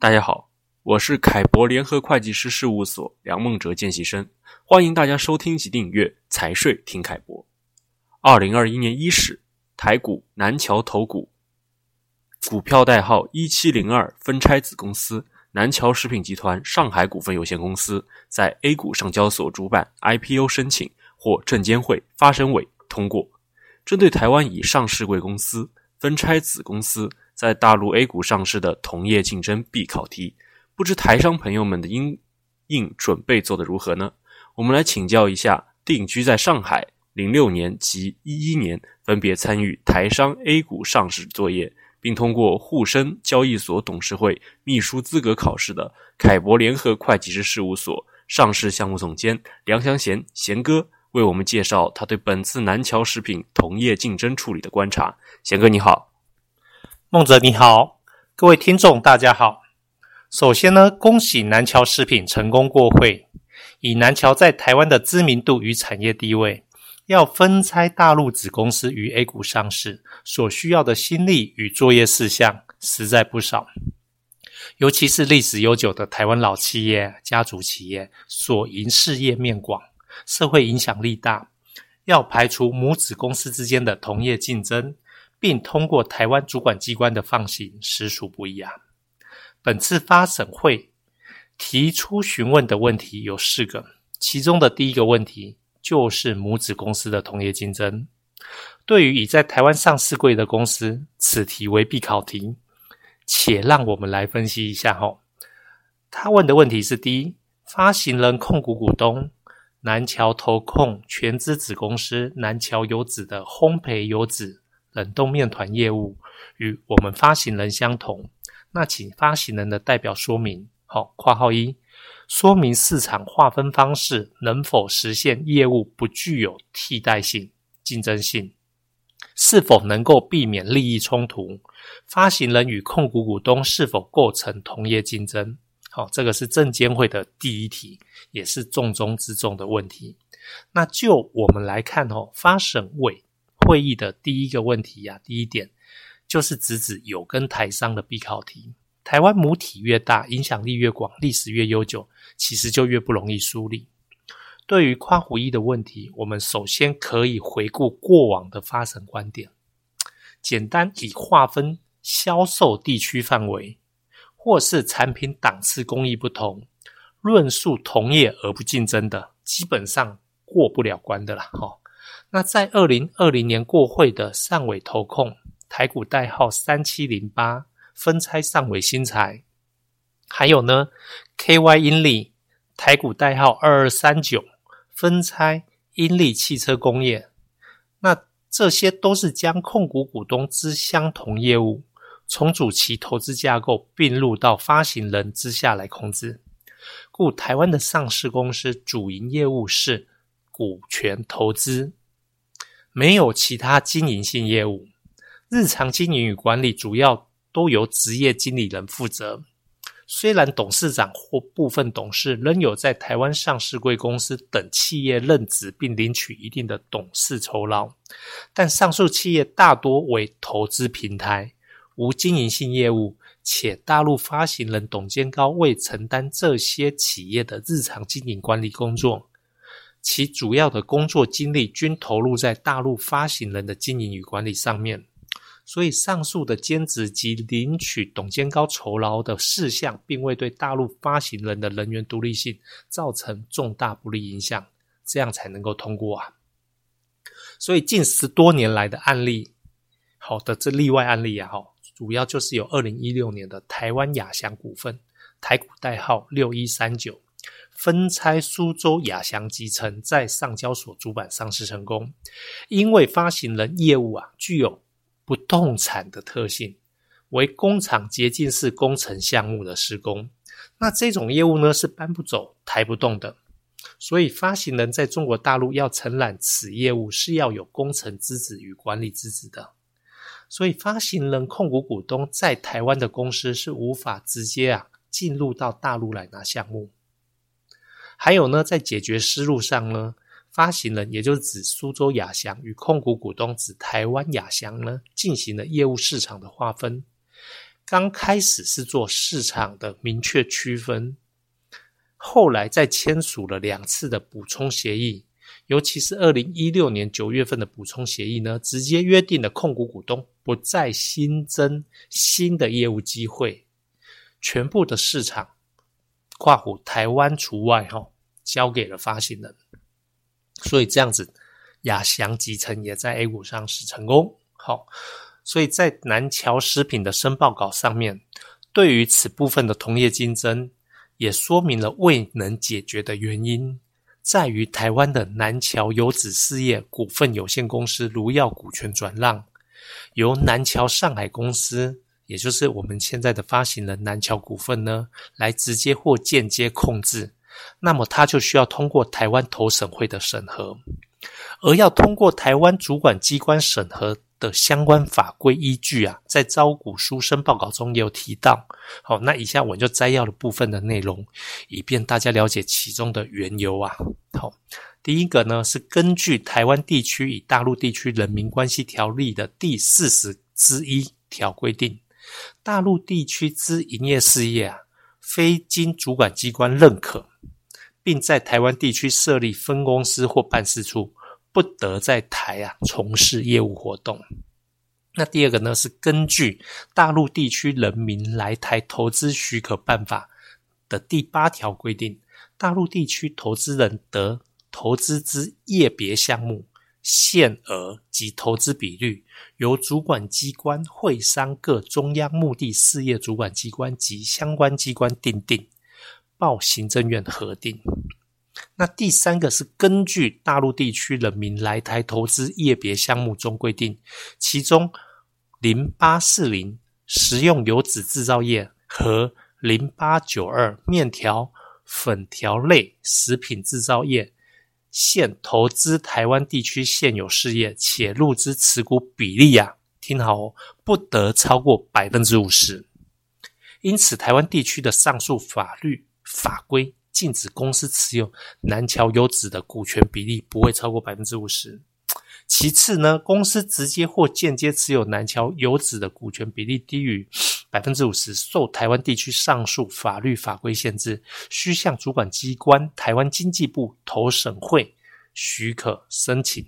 大家好，我是凱博聯合會計師事務所梁夢哲見習生，歡迎大家收聽及訂閱《財稅聽凱博》。二零二一年伊始，台股南橋頭股股票代號一七零二分拆子公司南橋食品集團上海股份有限公司在 A 股上交所主板 IPO 申請獲證監會發審委通過，針對台灣以上市櫃公司分拆子公司，在大陸 A 股上市的同業競爭必考題，不知台商朋友們的因應準備做得如何呢？我們來請教一下定居在上海，零六年及一一年分別參與台商 A 股上市作業，並通過滬深交易所董事會秘書資格考試的凱博聯合會計師事務所上市項目總監梁祥賢賢哥，為我們介紹他對本次南僑食品同業競爭處理的觀察。賢哥你好。孟哲你好，各位聽眾大家好。首先呢，恭喜南僑食品成功過會。以南僑在台灣的知名度與產業地位，要分拆大陸子公司於 A 股上市，所需要的心力與作業事項實在不少。尤其是歷史悠久的台灣老企業、家族企業，所營事業面廣，社會影響力大，要排除母子公司之間的同業競爭。並通過台灣主管機關的放行，實屬不易啊！本次發審會提出詢問的問題有四個，其中的第一個問題就是母子公司的同業競爭。對於已在台灣上市櫃的公司，此題為必考題。且讓我們來分析一下哈、哦。他問的問題是：第一，發行人控股股東南橋投控全資子公司南橋油脂的烘焙油脂。冷凍麵團業務與我們發行人相同，那請發行人的代表說明：好、哦，括號一，說明市場劃分方式能否實現業務不具有替代性、競爭性，是否能夠避免利益衝突？發行人與控股股東是否構成同業競爭？好、哦，這個是證監會的第一題，也是重中之重的問題。那就我們來看哦，發審委。會議的第一個問題呀、啊，第一點就是直指，指有跟台商的必考題。台灣母體越大，影響力越廣，歷史越悠久，其實就越不容易梳理。對於跨虎翼的問題，我們首先可以回顧過往的發審觀點，簡單以劃分銷售地區範圍，或是產品檔次、工藝不同，論述同業而不競爭的，基本上過不了關的了，哈。那在二零二零年過會的上緯投控台股代號三七零八，分拆上緯新材，還有呢，KY 英利台股代號二二三九，分拆英利汽車工業。那這些都是將控股股東之相同業務重組其投資架構，併入到發行人之下來控制。故台灣的上市公司主營業務是股權投資。沒有其他經營性業務，日常經營與管理主要都由職業經理人負責。雖然董事長或部分董事仍有在台灣上市櫃公司等企業任職並領取一定的董事酬勞，但上述企業大多為投資平台，無經營性業務，且大陸發行人董監高未承擔這些企業的日常經營管理工作。其主要的工作精力均投入在大陸發行人的經營與管理上面，所以上述的兼職及領取董監高酬勞的事項，並未對大陸發行人的人員獨立性造成重大不利影響，這樣才能夠通過啊。所以近十多年來的案例，好的這例外案例啊，哈，主要就是有二零一六年的台灣亞翔股份，台股代號六一三九。分拆蘇州亞翔集成在上交所主板上市成功，因為發行人業務啊具有不動產的特性，為工廠潔淨室工程項目的施工，那這種業務呢是搬不走、抬不動的，所以發行人在中國大陸要承攬此業務是要有工程資質與管理資質的，所以發行人控股股東在台灣的公司是無法直接啊進入到大陸來拿項目。還有呢，在解決思路上呢，發行人也就是指蘇州亞翔與控股股東指台灣亞翔呢，進行了業務市場的劃分。剛開始是做市場的明確區分，後來再簽署了兩次的補充協議，尤其是二零一六年九月份的補充協議呢，直接約定了控股股東不再新增新的業務機會，全部的市場。跨湖台灣除外，哈，交給了發行人，所以這樣子，亞翔集成也在 A 股上市成功，好，所以在南橋食品的申報稿上面，對於此部分的同業競爭，也說明了未能解決的原因，在於台灣的南橋油脂事業股份有限公司如要股權轉讓，由南橋上海公司，也就是我們現在的發行人南僑股份呢，來直接或間接控制，那麼它就需要通過台灣投審會的審核，而要通過台灣主管機關審核的相關法規依據啊，在招股書申報稿中，也有提到。好、哦，那以下我就摘要了部分的內容，以便大家了解其中的緣由啊。好、哦，第一個呢，是根據台灣地區與大陸地區人民關係條例的第四十之一條規定。大陸地區之營業事業啊，非經主管機關認可，並在台灣地區設立分公司或辦事處，不得在台啊從事業務活動。那第二個呢，是根據《大陸地區人民來台投資許可辦法》的第八條規定，大陸地區投資人得投資之業別項目。限額及投資比率由主管機關會商各中央目的事業主管機關及相關機關訂定，報行政院核定。那第三個是根據大陸地區人民來台投資業別項目中規定，其中零八四零食用油脂製造業和零八九二麵條、粉條類食品製造業。現投資台灣地區現有事業，且入資持股比例呀、啊，聽好哦，不得超過百分之五十。因此，台灣地區的上述法律法規禁止公司持有南僑油脂的股權比例不會超過百分之五十。其次呢，公司直接或間接持有南僑油脂的股權比例低於。百分之五十，受台灣地區上述法律法規限制，需向主管機關台灣經濟部投審會許可申請。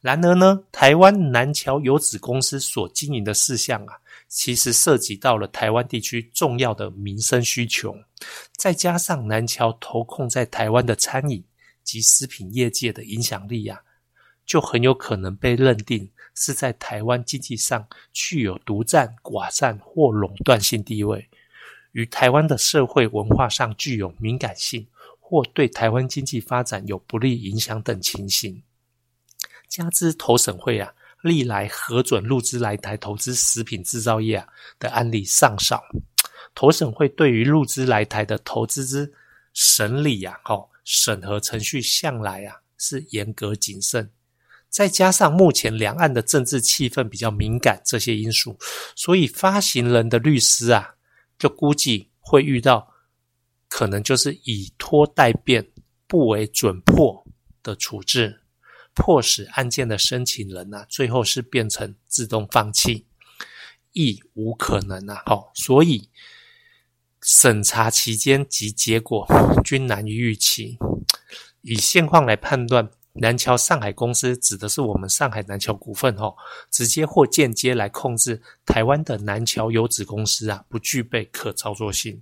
然而呢，台灣南橋油脂公司所經營的事項啊，其實涉及到了台灣地區重要的民生需求，再加上南橋投控在台灣的餐飲及食品業界的影響力呀、啊。就很有可能被認定是在台灣經濟上具有獨佔、寡占或壟斷性地位，與台灣的社會文化上具有敏感性，或對台灣經濟發展有不利影響等情形。加之投審會啊，歷來核准陸資來台投資食品制造業啊的案例尚少，投審會對於陸資來台的投資之審理啊，哦，審核程序向來啊是嚴格謹慎。再加上目前兩岸的政治氣氛比較敏感，這些因素，所以發行人的律師啊，就估計會遇到可能就是以拖待變，不為准破的處置，迫使案件的申請人呢、啊，最後是變成自動放棄，亦無可能吶、啊。好、哦，所以審查期間及結果均難於預期，以現況來判斷。南橋上海公司指的是我們上海南橋股份，哦，直接或間接來控制台灣的南橋油脂公司啊，不具備可操作性。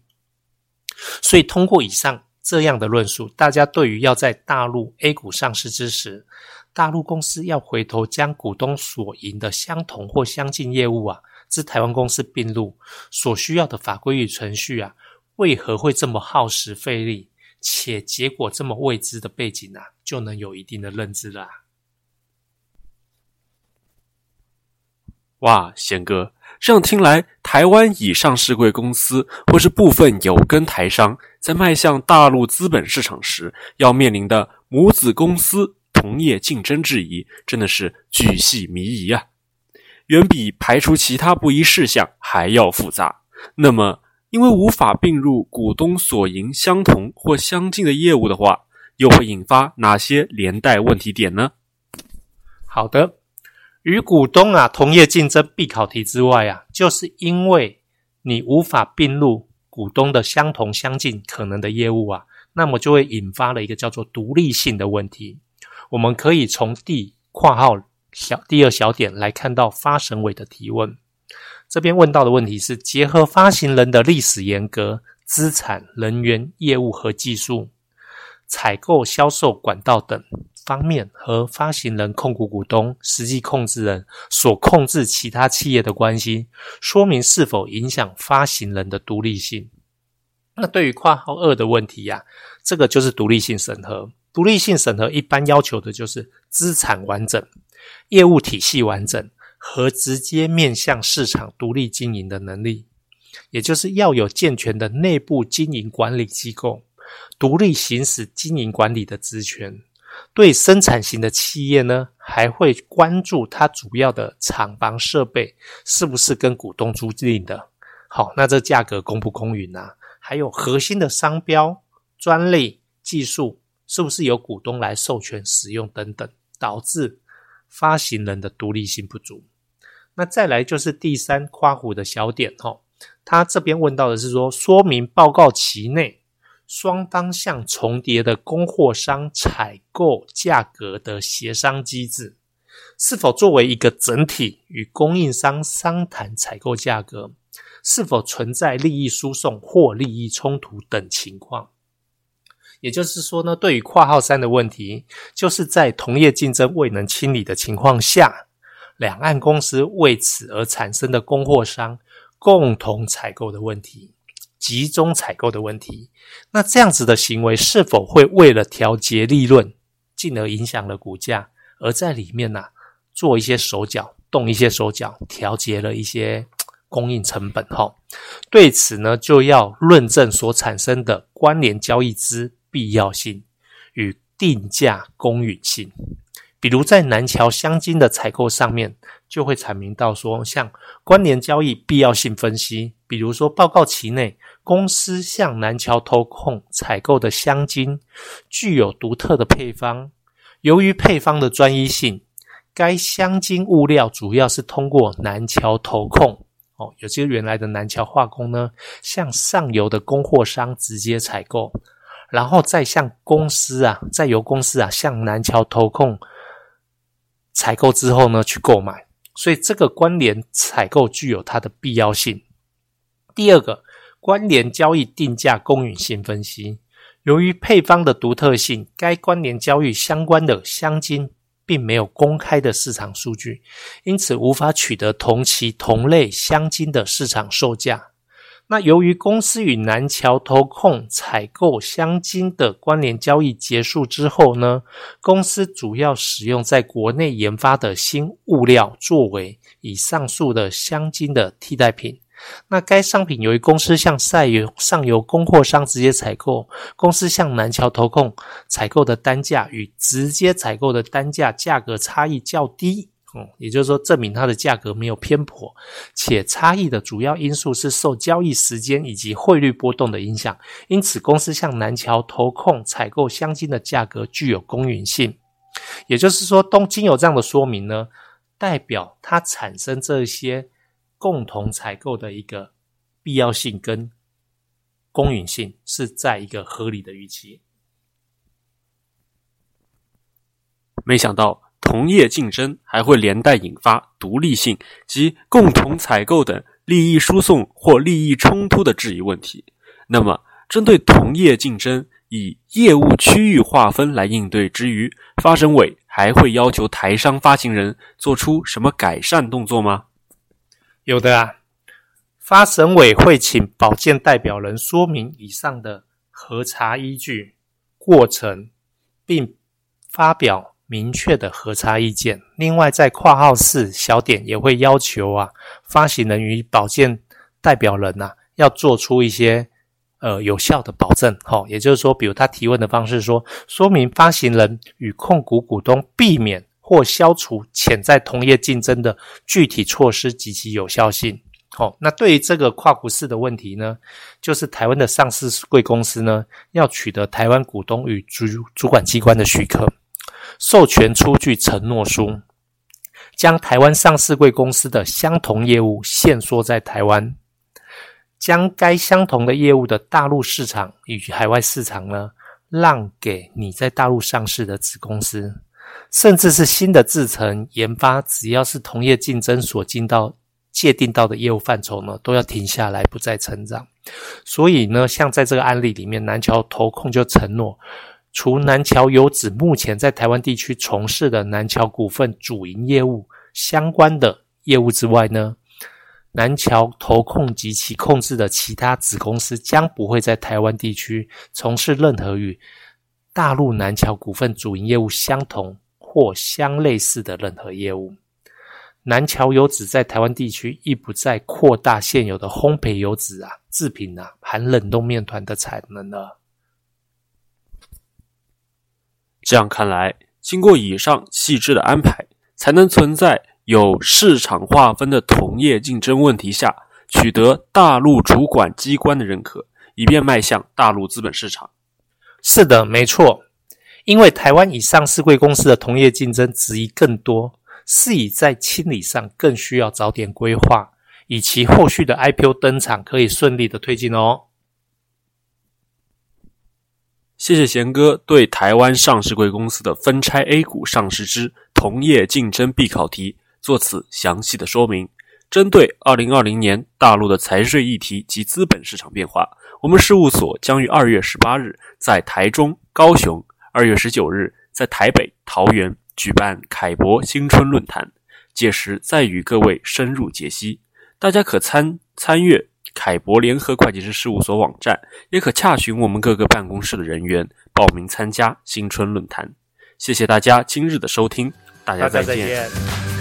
所以通過以上這樣的論述，大家對於要在大陸 A 股上市之時，大陸公司要回頭將股東所營的相同或相近業務啊，之台灣公司併入所需要的法規與程序啊，為何會這麼耗時費力，且結果這麼未知的背景呢、啊？就能有一定的認知了、啊。哇，賢哥，這樣聽來，台灣以上市櫃公司或是部分有根台商在邁向大陸資本市場時，要面臨的母子公司同業競爭質疑，真的是巨細靡遺啊，遠比排除其他不宜事項還要複雜。那麼，因為無法併入股東所營相同或相近的業務的話。又會引發哪些連帶問題點呢？好的，與股東啊同業競爭必考題之外啊，就是因為你無法併入股東的相同相近可能的業務啊，那麼就會引發了一個叫做獨立性的問題。我們可以從第（括號小第二小點來看到發審委的提問，這邊問到的問題是結合發行人的歷史沿革、資產、人員、業務和技術。採購、銷售管道等方面，和發行人控股股東、實際控制人所控制其他企業的關係，說明是否影響發行人的獨立性。那對於括號二的問題呀、啊，這個就是獨立性審核。獨立性審核一般要求的就是資產完整、業務體系完整和直接面向市場獨立經營的能力，也就是要有健全的內部經營管理機構。獨立行使經營管理的職權，對生產型的企業呢，還會關注它主要的廠房設備是不是跟股東租賃的？好，那這價格公不公允啊？還有核心的商標、專利、技術是不是由股東來授權使用等等，導致發行人的獨立性不足。那再來就是第三括弧的小點哦，他這邊問到的是說，說明報告期內。雙方向重疊的供貨商採購價格的協商機制，是否作為一個整體與供應商商談採購價格？是否存在利益輸送或利益衝突等情況？也就是說呢，對於括號三的問題，就是在同業競爭未能清理的情況下，兩岸公司為此而產生的供貨商共同採購的問題。集中採購的問題，那這樣子的行為是否會為了調節利潤，進而影響了股價？而在裡面呢、啊，做一些手腳，動一些手腳，調節了一些供應成本後，對此呢，就要論證所產生的關聯交易之必要性與定價公允性。比如在南僑香精的採購上面，就會闡明到說，像關聯交易必要性分析，比如說報告期內，公司向南僑投控採購的香精具有獨特的配方，由於配方的專一性，該香精物料主要是通過南僑投控哦，有些原來的南僑化工呢，向上游的供貨商直接採購，然後再向公司啊，再由公司啊向南僑投控，採購之後呢，去購買，所以這個關聯採購具有它的必要性。第二個，關聯交易定價公允性分析。由於配方的獨特性，該關聯交易相關的香精並沒有公開的市場數據，因此無法取得同期同類香精的市場售價。那由於公司與南橋投控採購香精的關聯交易結束之後呢，公司主要使用在國內研發的新物料作為以上述的香精的替代品。那該商品由於公司向賽由上游供貨商直接採購，公司向南橋投控採購的單價與直接採購的單價價格差異較低。嗯，也就是說，證明它的價格沒有偏頗，且差異的主要因素是受交易時間以及匯率波動的影響。因此，公司向南僑投控採購香精的價格具有公允性。也就是說，東京有這樣的說明呢，代表它產生這些共同採購的一個必要性跟公允性是在一個合理的預期。沒想到。同業競爭還會連帶引發獨立性及共同採購等利益輸送或利益衝突的質疑問題。那麼，針對同業競爭，以業務區域劃分來應對之餘，發審委還會要求台商發行人做出什麼改善動作嗎？有的啊，發審委會請保薦代表人說明以上的核查依據、過程，並發表。明確的核查意見。另外，在括號四小點也會要求啊，發行人與保薦代表人吶、啊，要做出一些呃有效的保證。好、哦，也就是說，比如他提問的方式說，說明發行人與控股股東避免或消除潛在同業競爭的具體措施及其有效性。好、哦，那對於這個跨股式的問題呢，就是台灣的上市櫃公司呢，要取得台灣股東與主主管機關的許可。授權出具承諾書，將台灣上市櫃公司的相同業務限縮在台灣，將該相同的業務的大陸市場與海外市場呢，讓給你在大陸上市的子公司，甚至是新的製程研發，只要是同業競爭所進到界定到的業務範疇呢，都要停下來不再成長。所以呢，像在這個案例裡面，南僑投控就承諾。除南僑油脂目前在台灣地區從事的南僑股份，主營業務相關的業務之外呢，南僑投控及其控制的其他子公司將不會在台灣地區從事任何與大陸南僑股份主營業務相同或相類似的任何業務。南僑油脂在台灣地區亦不再擴大現有的烘焙油脂啊製品啊含冷凍麵團的產能了。這樣看來，經過以上細緻的安排，才能存在有市場劃分的同業競爭問題下，取得大陸主管機關的認可，以便邁向大陸資本市場。是的，沒錯。因為台灣以上市貴公司的同業競爭質疑更多，是以在清理上更需要早點規劃，以及後續的 IPO 登場可以順利的推進哦。謝謝賢哥對台灣上市櫃公司的分拆 A 股上市之同業競爭必考題做此詳細的說明。針對二零二零年大陸的財稅議題及資本市場變化，我們事務所將於二月十八日在台中、高雄，二月十九日在台北、桃園舉辦凱博新春論壇，屆時再與各位深入解析，大家可參參閱凱博聯合會計師事務所網站，也可洽詢，我們各個辦公室的人員報名參加新春論壇。謝謝大家今日的收聽，大家再見。